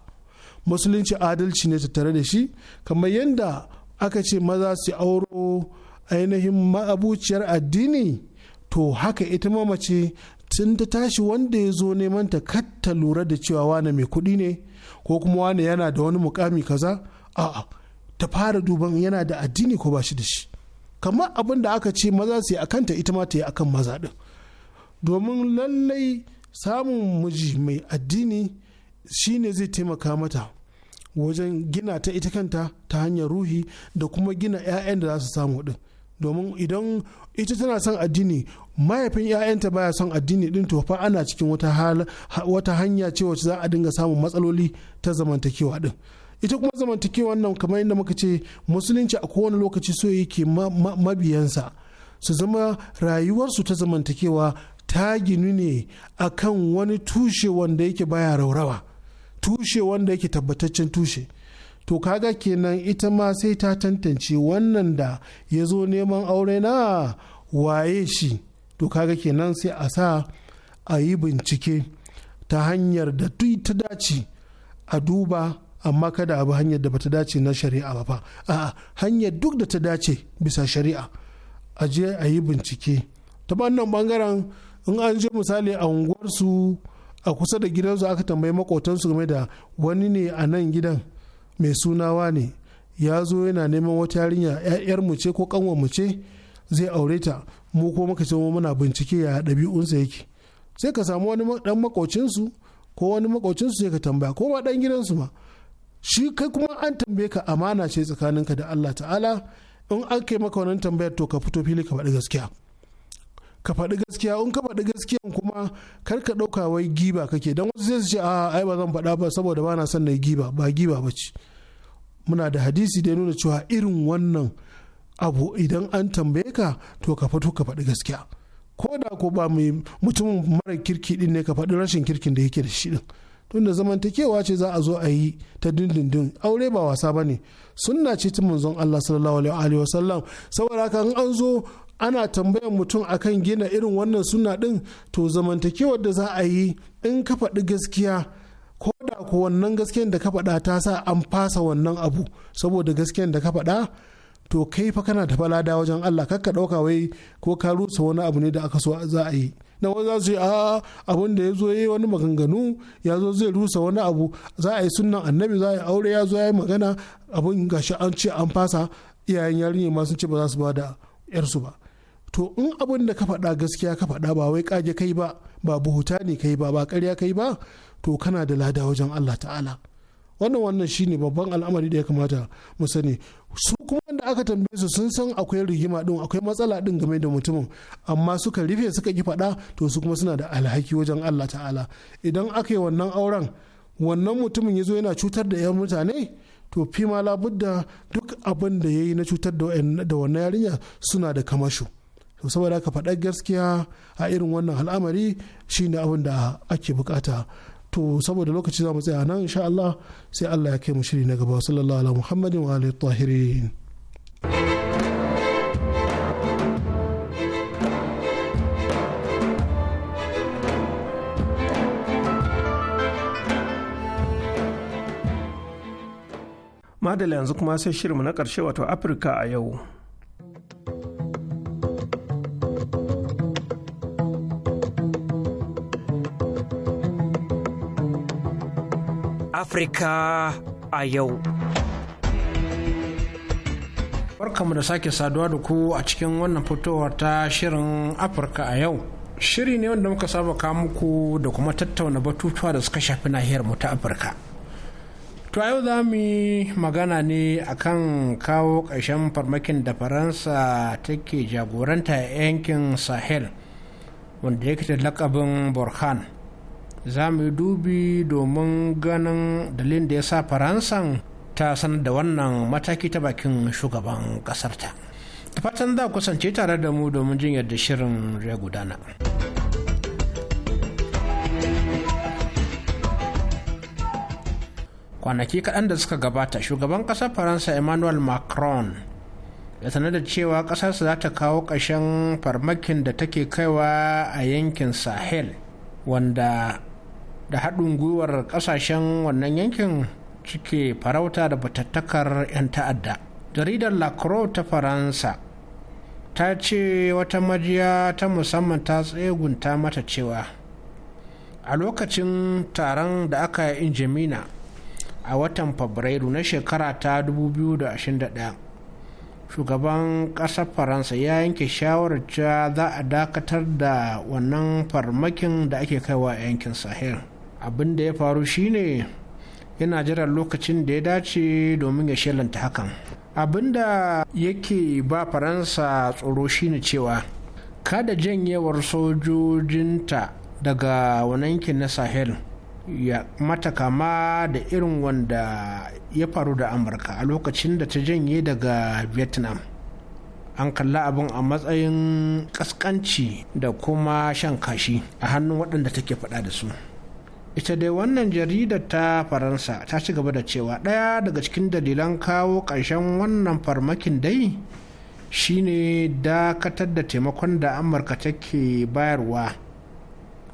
musulunci adalci ne ta tare da shi kamar yadda aka ce maza su auro ainihin ma'abuciyar addini to haka ita ma mace tun ta tashi wanda ya zo neman ta katta lura da cewa wane mai kuɗi ne ko kuma wane yana da wani mukami kaza a'a ta fara duban yana da addini ko ba shi da shi kamar abin da aka ce maza su yi a kanta ita ma ta yi akan maza din domin lallai samun miji mai addini shine zai taimaka mata wajen gina ta ita kanta ta hanyar ruhi da kuma gina 'ya'yan da za su samu din domin idan ita tana son addini mahaifin 'ya'yanta baya son addini din to fa ana cikin wata hanya ce za a dinga samun matsaloli ta zamantakewa din ita kuma zamantakewar nan kamar yadda muka ce musulunci a kowane lokaci so yake mabiyansa su zama rayuwarsu ta zamantakewa ta ginu ne a kan wani tushe wanda yake baya raurawa tushe wanda yake tabbataccen tushe to kaga kenan ita ma sai ta tantance wannan da ya zo neman aure na waye shi to kaga kenan sai a sa a yi bincike ta hanyar da ta dace a duba amma kada abu hanyar da bata dace na shari'a ba fa a hanyar duk da ta dace bisa shari'a a je a yi bincike ta bannan bangaren in an je misali a unguwarsu a kusa da gidansu aka tambayi makotansu game da wani ne a nan gidan mai sunawa ne ya zo yana neman wata yarinya yar mu ce ko kanwar mu ce zai aure ta mu ko muka ce muna bincike ya ɗabi'unsa yake sai ka samu wani dan makocinsu ko wani makocinsu sai ka tambaya ko ma dan gidansu ma shi kai kuma an tambaye ka amana ce tsakaninka da Allah ta'ala in an kai maka wannan tambayar to ka fito fili ka faɗi gaskiya ka faɗi gaskiya in ka faɗi gaskiya kuma kar ka ɗauka wai giba kake don wasu zai ce a ai ba zan faɗa ba saboda ba na son na yi giba ba giba ba ce muna da hadisi da nuna cewa irin wannan abu idan an tambaye ka to ka fito ka faɗi gaskiya ko da ko ba mutumin mara kirki din ne ka faɗi rashin kirkin da yake da shi din tunda zamantakewa ce za a zo a yi ta dindindin aure ba wasa ba ne sunna ce ta manzon Allah sallallahu alaihi wa sallam saboda kan an zo ana tambayan mutum akan gina irin wannan suna din to zamantakewar da za a yi in ka faɗi gaskiya ko da ko wannan gaskiyar da ka faɗa ta sa an fasa wannan abu saboda gaskiyar da ka faɗa to kai fa kana da falada wajen Allah kakka ɗauka wai ko ka rusa wani abu ne da aka so za a yi na wani za su yi a abin da ya zo yi wani maganganu ya zo zai rusa wani abu za a yi sunan annabi za a yi aure ya zo ya yi magana abin gashi an ce an fasa iyayen yarinya ma sun ce ba za su ba da yarsu ba to in abun da ka faɗa gaskiya ka faɗa ba wai kage kai ba ba buhuta ne kai ba ba ƙarya kai ba to kana da lada wajen Allah ta'ala wannan wannan shine babban al'amari da ya kamata mu sani su kuma wanda aka tambaye su sun san akwai rigima din akwai matsala din game da mutumin amma suka rufe suka ki faɗa to su kuma suna da alhaki wajen Allah ta'ala idan aka yi wannan auren wannan mutumin ya zo yana cutar da 'yan mutane to fi ma labudda duk abin da ya yi na cutar da wannan yarinya suna da kamasho to saboda ka faɗa gaskiya a irin wannan al'amari shine abin da ake bukata to saboda lokaci za mu tsaya nan insha Allah sai Allah ya kai mu shiri na gaba sallallahu alaihi Muhammadin wa alihi tahirin Madala yanzu kuma sai shirinmu na ƙarshe wato Afirka a yau. Afirka a yau. Barkamu da sake saduwa da ku a cikin wannan fitowar ta shirin Afirka a yau. Shiri ne wanda muka saba kawo muku da kuma tattauna batutuwa da suka shafi nahiyar mu ta Afirka. To yau za mu magana ne akan kawo ƙarshen farmakin da Faransa take jagoranta yankin Sahel wanda yake da lakabin burkhan za mu yi dubi domin ganin dalilin da ya sa faransan ta sanar da wannan mataki ta bakin shugaban kasarta fatan za kusance tare da mu domin jin yadda shirin ya gudana kwanaki kaɗan da suka gabata shugaban ƙasar faransa emmanuel macron ya sanar da cewa ƙasarsa za ta kawo ƙashen farmakin da take kaiwa a yankin sahel wanda da haɗin gwiwar ƙasashen wannan yankin cike farauta da batattakar 'yan ta'adda jaridar la croix ta faransa ta ce wata majiya ta musamman ta tsegunta mata cewa a lokacin taron da aka yi injimina a watan fabrairu na shekara ta 2021 shugaban ƙasar faransa ya yanke shawarar cewa za a dakatar da wannan farmakin da ake kaiwa yankin sahel abin da ya faru shine yana jiran lokacin da ya dace domin ya shelanta hakan abin da yake ba faransa tsoro shine cewa kada janyewar sojojinta daga yankin na sahel ya mata kama da irin wanda ya faru da amurka a lokacin da ta janye daga vietnam an kalla abin a matsayin kaskanci da kuma shan kashi a hannun waɗanda take faɗa da su ita dai wannan jaridar ta faransa ta ci gaba da cewa ɗaya daga cikin dalilan kawo ƙarshen wannan farmakin dai shine dakatar da taimakon da amurka take bayarwa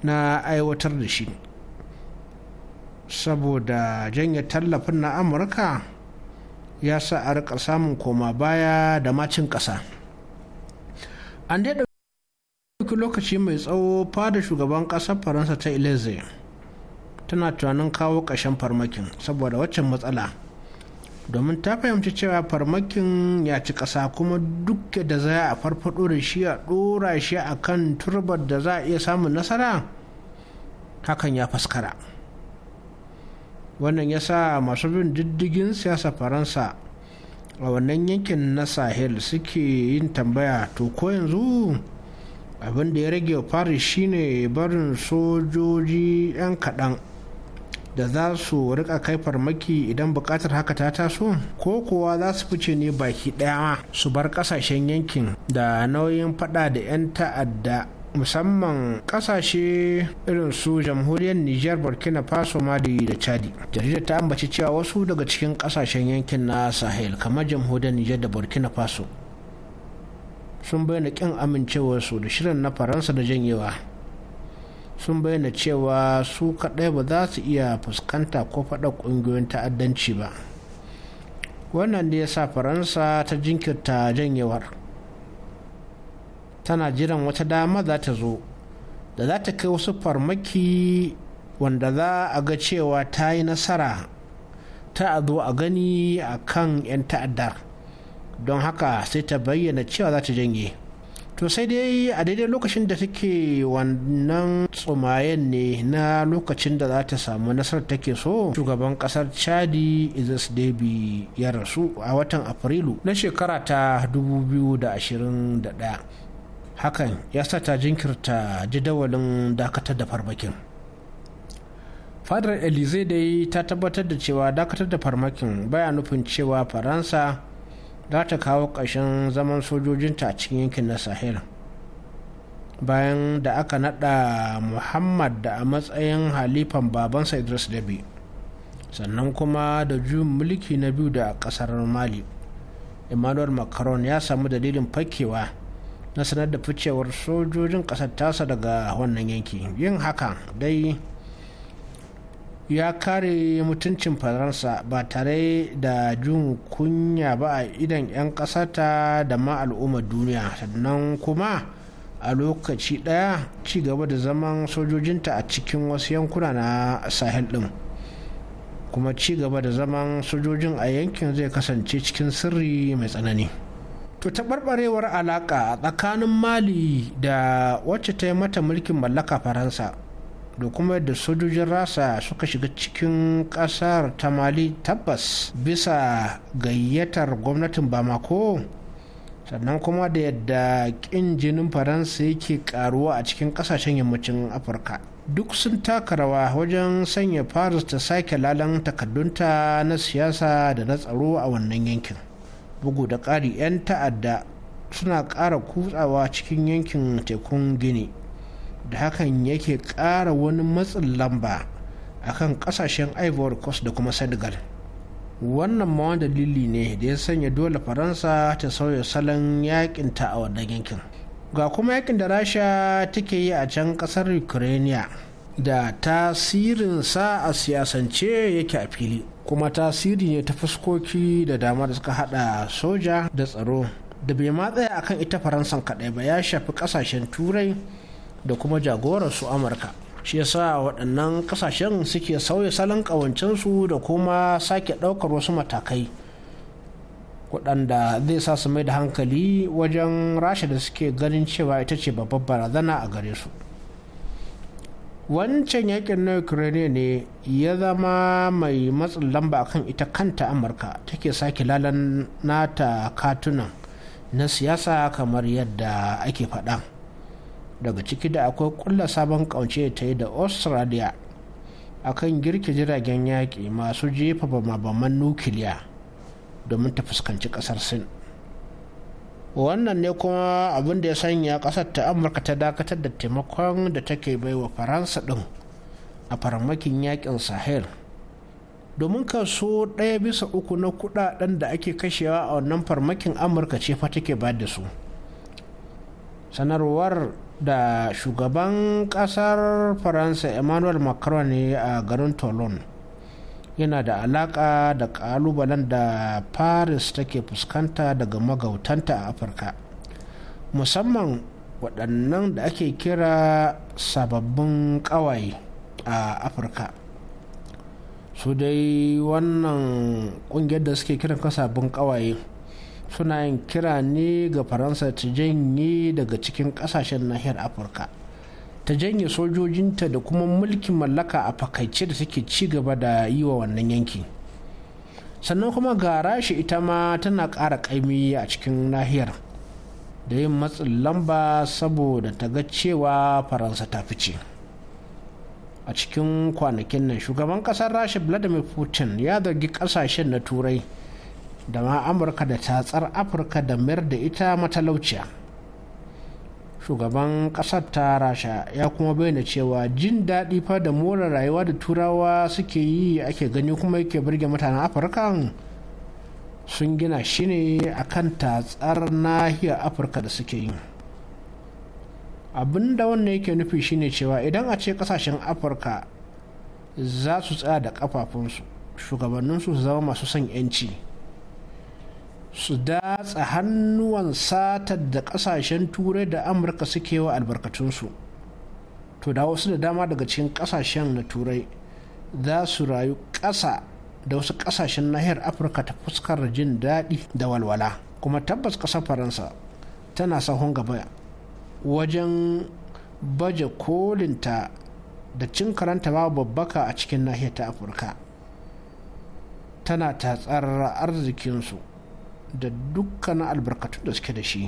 na aiwatar da shi saboda janye tallafin na amurka ya sa a rika samun koma baya da macin ƙasa an daidai lokaci mai tsawo fada shugaban ƙasar faransa ta ilize tana tunanin kawo ƙashen farmakin saboda waccan matsala domin ta fahimci cewa farmakin ya ci ƙasa kuma duk da za a farfado da shi a ɗora shi a kan turbar da za a iya samun nasara hakan ya faskara wannan ya sa masu bin diddigin siyasa faransa a wannan yankin na sahel suke yin tambaya to ko yanzu abin da ya rage wa paris shine barin sojoji 'yan kaɗan da za su rika kai farmaki idan bukatar haka ta taso ko kuwa za su fice ne baki daya su bar kasashen yankin da nauyin fada da 'yan ta'adda musamman kasashe irin su jamhuriyar niger burkina faso mali da chadi jaridar ta ambaci cewa wasu daga cikin kasashen yankin na sahel kamar jamhuriyar niger da burkina faso sun bayyana kin amincewarsu da shirin na faransa da janyewa sun bayyana cewa su kaɗai ba za su iya fuskanta ko faɗa ƙungiyoyin ta'addanci ba wannan da ya sa faransa ta jinkirta janyewar tana jiran wata dama za ta zo da za ta kai wasu farmaki wanda za a ga cewa ta yi nasara ta a zo a gani a kan 'yan ta'adda don haka sai ta bayyana cewa za ta janye to sai dai a daidai lokacin da take wannan tsumayen ne na lokacin da za ta samu nasarar take so shugaban kasar chadi isis debi ya rasu a watan afrilu na shekara ta 2021 hakan ya sa ta jinkirta jadawalin dakatar da farmakin fadar elize dai ta tabbatar da cewa dakatar da farmakin baya nufin cewa faransa za ta kawo ƙarshen zaman sojojinta a cikin yankin na sahel bayan da aka naɗa muhammad da a matsayin halifan babansa idris dabi sannan kuma da juyin mulki na biyu da ƙasar mali emmanuel macron ya samu dalilin fakewa na sanar da ficewar sojojin ƙasar tasa daga wannan yanki yin haka dai ya kare mutuncin faransa ba tare da jin kunya ba a idan 'yan ƙasata da ma al'ummar duniya sannan kuma a lokaci ɗaya ci gaba da zaman sojojinta a cikin wasu yankuna na sahel ɗin kuma ci gaba da zaman sojojin a yankin zai kasance cikin sirri mai tsanani to taɓarɓarewar alaƙa tsakanin mali da wacce ta yi mata mulkin mallaka faransa da kuma yadda sojojin rasa suka shiga cikin kasar ta mali tabbas bisa gayyatar gwamnatin bamako sannan kuma da yadda kin jinin faransa yake karuwa a cikin kasashen yammacin afirka duk sun taka rawa wajen sanya paris ta sake lalan takaddunta na siyasa da na tsaro a wannan yankin bugu da ƙari 'yan ta'adda suna ƙara kutsawa cikin yankin tekun gini da hakan yake ƙara wani matsin lamba a kan ƙasashen ivory coast da kuma senegal wannan ma dalili ne da ya sanya dole faransa ta sauya salon ta a wannan yankin ga kuma yakin da rasha take yi a can ƙasar ukraine da tasirinsa a siyasance yake a fili kuma tasiri ne ta fuskoki da dama da suka hada soja da tsaro da bai matsaya tsaya akan ita faransan kaɗai ba ya shafi ƙasashen turai da kuma jagorar su amurka shi yasa waɗannan ƙasashen suke sauya salon ƙawancensu da kuma sake ɗaukar wasu matakai waɗanda zai sa su mai da hankali wajen rasha da suke ganin cewa ita ce babbar barazana a gare su wancan yakin na ukraine ne ya zama mai matsin lamba kan ita kanta amurka take sake lalan nata katunan na siyasa kamar yadda ake faɗan. daga ciki da akwai kulla sabon kawance ta yi da australia kan girki jiragen yaƙi masu jefa bama-baman nukiliya domin ta fuskanci ƙasar sin wannan ne kuma abin da ya sanya ƙasar ta amurka ta dakatar da taimakon da take baiwa faransa ɗin a farmakin yaƙin sahel domin kaso ɗaya bisa uku na kuɗaɗen da ake kashewa a wannan farmakin amurka ce fa take ba da su sanarwar da shugaban kasar faransa emmanuel macron ne a garin toulon yana da alaka da kalubalen da paris take fuskanta daga magautanta a afirka musamman waɗannan da ake kira sababbin ƙawaye a afirka su dai wannan ƙungiyar da suke kiran kasabin ƙawaye suna yin kira ne ga faransa ta janye daga cikin kasashen nahiyar afirka ta janye sojojinta da kuma mulkin mallaka a fakaice da suke ci gaba da yi wa wannan yanki sannan kuma ga rashi ita ma tana ƙara kaimi a cikin nahiyar da yin matsin lamba saboda ta ga cewa faransa ta fice a cikin kwanakin nan shugaban ƙasar rashi vladimir putin ya zargi ƙasashen na turai da ma amurka da tatsar afirka da mayar da ita matalauciya shugaban ƙasar ta rasha ya kuma bayyana cewa jin daɗi fa da more rayuwa da turawa suke yi ake gani kuma yake birge mutanen afirka sun gina shi ne a kan tatsar nahiyar afirka da suke yi Abinda da wannan yake nufi shine cewa idan a ce kasashen afirka za su tsaya da kafafunsu shugabanninsu su zama masu son 'yanci su datsa hannuwan satar da kasashen turai da amurka suke wa albarkatunsu to da wasu da dama daga cikin kasashen na turai za su rayu ƙasa da wasu kasashen nahiyar afirka ta fuskar jin daɗi da walwala kuma tabbas ƙasar faransa tana sahun gaba wajen baje kolinta da cin karanta babu babbaka a cikin nahiyar ta afirka tana tatsar arzikinsu da dukkanin albarkatun da suke da shi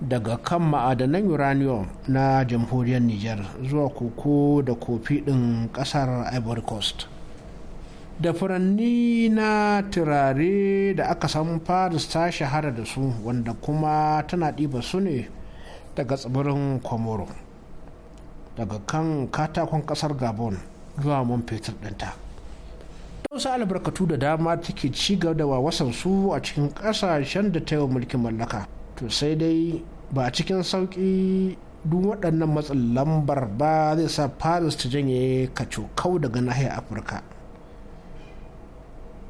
daga kan ma'adanan uranium na jamhuriyar niger zuwa koko da kofi ɗin ƙasar ivory coast da furanni na turare da aka san paris ta shahara da su wanda kuma tana ɗiba su ne daga tsibirin komoro daga kan katakon ƙasar gabon zuwa man fetur ɗinta. wasu albarkatu da dama take ci gaba da wasan su a cikin kasashen da ta yi mulkin mallaka to sai dai ba a cikin sauƙi duk waɗannan matsin lambar ba zai sa paris ta janye kau daga nahiyar afirka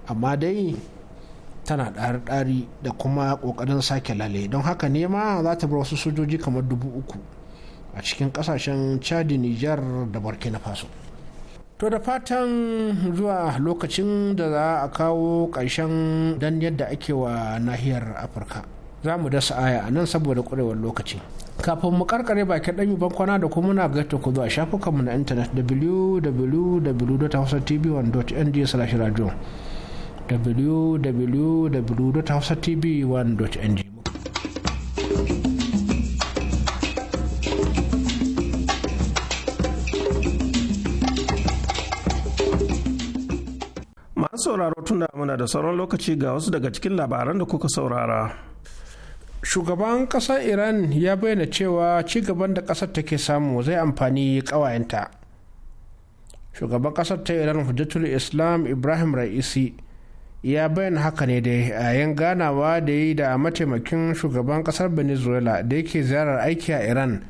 amma dai tana ɗari-ɗari da kuma ƙoƙarin sake lale don haka ne ma za ta bar wasu sojoji kamar dubu uku a cikin ƙasashen Chad, niger da burkina faso To da fatan zuwa lokacin da za a kawo ƙarshen dan yadda ake wa nahiyar Afirka. Za mu dasa aya a nan saboda ƙwarewar lokaci. Kafin mu karkare bakin ɗan ban da kuma na gaita ku zuwa shafukanmu na intanet www.hausatv1.ng/radio www.hausatv1.ng sauraro tunda muna da sauran lokaci ga wasu daga cikin labaran da kuka saurara. Shugaban ƙasar Iran ya bayyana cewa ci gaban da ƙasar take samu zai amfani ƙawayenta. Shugaban ƙasar ta Iran Hujjatul Islam Ibrahim Ra'isi ya bayyana haka ne da yayin ganawa da yi da mataimakin shugaban ƙasar Venezuela da yake ziyarar aiki a Iran.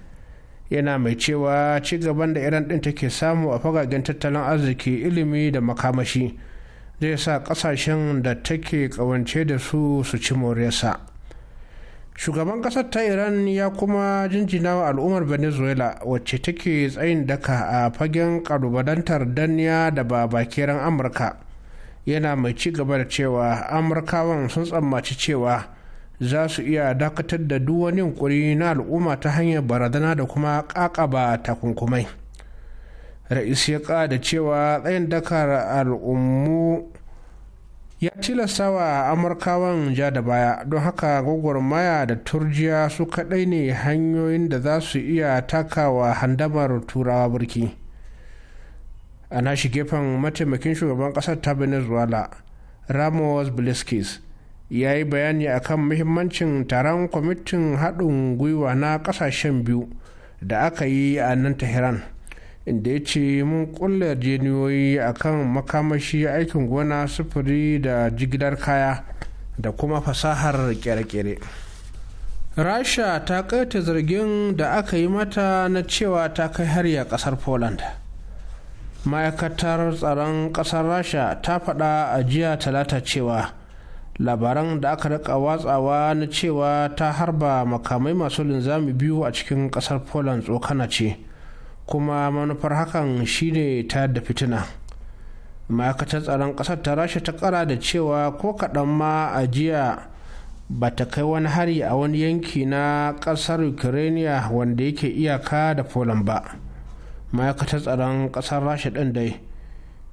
yana mai cewa cigaban da iran ɗin take samu a fagagen tattalin arziki ilimi da makamashi zai sa kasashen da take kawance da su su ci moriyarsa shugaban kasar ta iran ya kuma jinjina wa al'ummar venezuela wacce take tsayin daka a fagen kalubalantar danniya da ba bakiran amurka yana mai ci gaba da cewa amurkawan sun tsammaci cewa za su iya dakatar da duk wani yunkuri na al'umma ta hanyar barazana da kuma kakaba takunkumai ra'is ya da cewa tsayin dakar al'ummu ya tilasta wa amurkawan ja da baya don haka gwagwarmaya da turjiya su kaɗai ne hanyoyin da za su iya takawa handamar turawa burki a nashi gefen mataimakin shugaban ƙasar ta venezuela ramos bliskis ya yi bayani akan muhimmancin taron kwamitin haɗin gwiwa na ƙasashen biyu da aka yi a nan tehran inda ya ce mun kulle yarjeniyoyi a kan makamashi aikin gona sufuri da jigilar kaya da kuma fasahar kere-kere rasha ta kaita zargin da aka yi mata na cewa ta kai har ya kasar poland ma'aikatar tsaron kasar rasha ta faɗa a jiya talata cewa labaran da aka rika watsawa na cewa ta harba makamai masu linzami biyu a cikin kasar poland tsokana ce kuma manufar hakan shine ta da fitina ma'aikatar tsaron ƙasar ta rasha ta kara da cewa ko kaɗan ma a jiya ba ta kai wani hari a wani yanki na ƙasar ukraine wanda yake iyaka da poland ba ma'aikatar tsaron ƙasar rasha ɗin dai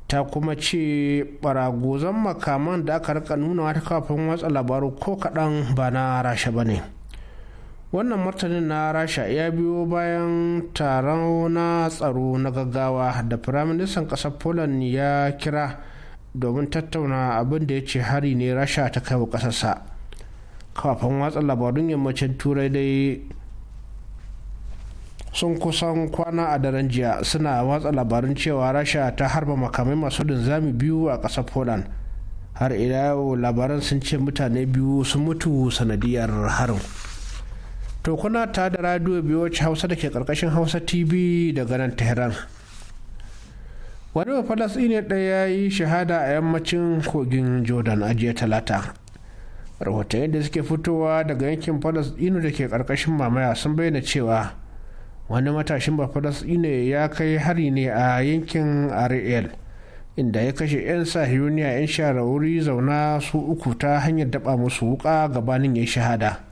ta kuma ce baragozan makaman da aka rika nuna wata kafin watsa labaru ko kaɗan ba na rasha ba ne wannan martanin na rasha ya biyo bayan taron na tsaro na gaggawa da firaministan ƙasar poland ya kira domin tattauna abin da ya ce hari ne rasha ta kai wa kasarsa kafin watsa labarun yammacin turai dai sun kusan kwana a daren jiya suna watsa labarin cewa rasha ta harba makamai masu linzami biyu a ƙasar poland har ila yau labaran sun ce mutane biyu sun mutu sanadiyar harin to kuna ta da radio biyu wacce hausa da ke karkashin hausa tv daga nan tehran wani ba falasɗini ɗaya ya yi shahada a yammacin kogin jordan a jiya talata rahotanni da suke fitowa daga yankin falasɗinu da ke karkashin mamaya sun bayyana cewa wani matashin ba ne ya kai hari ne a yankin ariel inda ya kashe 'yan sahiyoniya 'yan shara wuri zauna su uku ta hanyar daba musu wuka gabanin ya shahada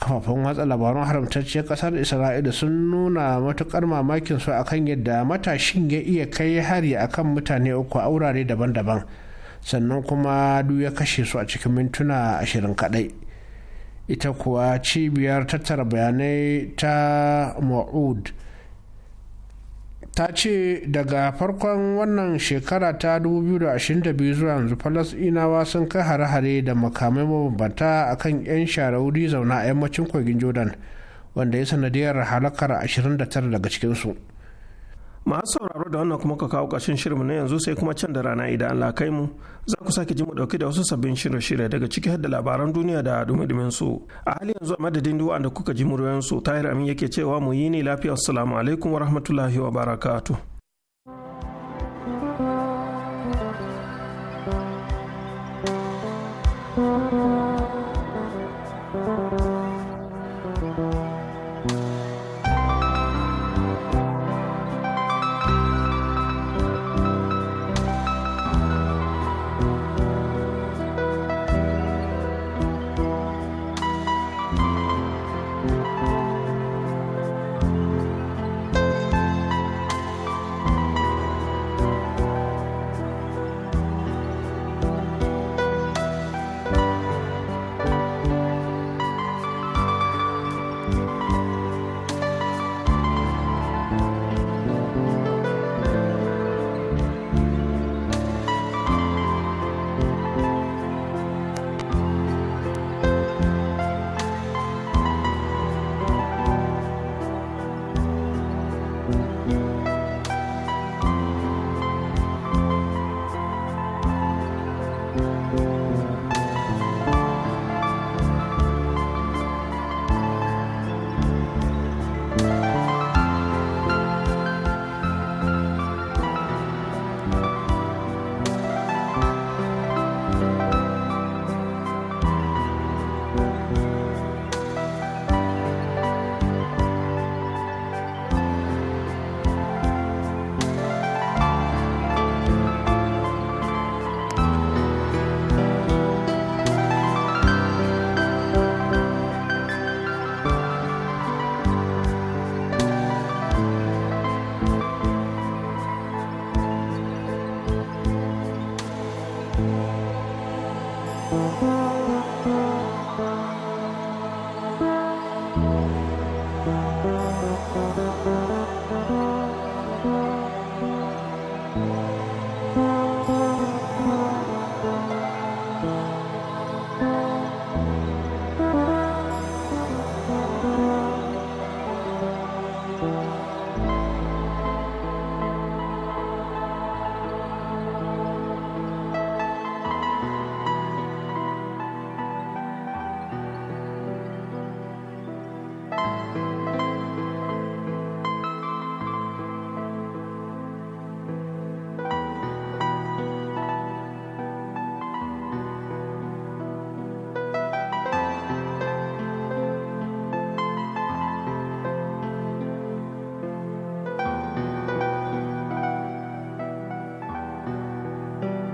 kafafen watsa labarun haramtacciyar kasar isra'ila sun nuna matukar mamakin su akan yadda matashin ya iya kai hari akan mutane uku a wurare daban-daban sannan kuma duk ya kashe su a cikin mintuna ashirin kadai ita kuwa cibiyar tattara bayanai ta ma'ud ta ce daga farkon wannan shekara ta 2022 zuwa yanzu falasinawa sun kai hare-hare da makamai mabambanta a kan 'yan shara wuri zauna a yammacin kogin jordan wanda ya sanadiyar halakar 29 daga cikinsu masu sauraro da wannan kuma ka kawo ƙarshen shirinmu na yanzu sai kuma can da rana idan Allah kai mu za ku sake ji mu dauki da wasu sabbin shirye-shirye daga ciki har da labaran duniya da dumi su a halin yanzu a madadin duwa da kuka ji muryoyin su tahir amin yake cewa mu yi ne lafiya assalamu alaikum wa rahmatullahi wa barakatuh